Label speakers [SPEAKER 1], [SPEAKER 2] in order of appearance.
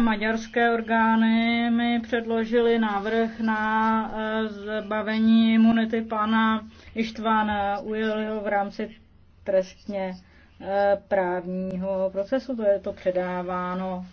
[SPEAKER 1] Maďarské orgány mi předložili návrh na eh, zbavení imunity pana Ištvána Ujeliho v rámci trestně eh, právního procesu. To je to předáváno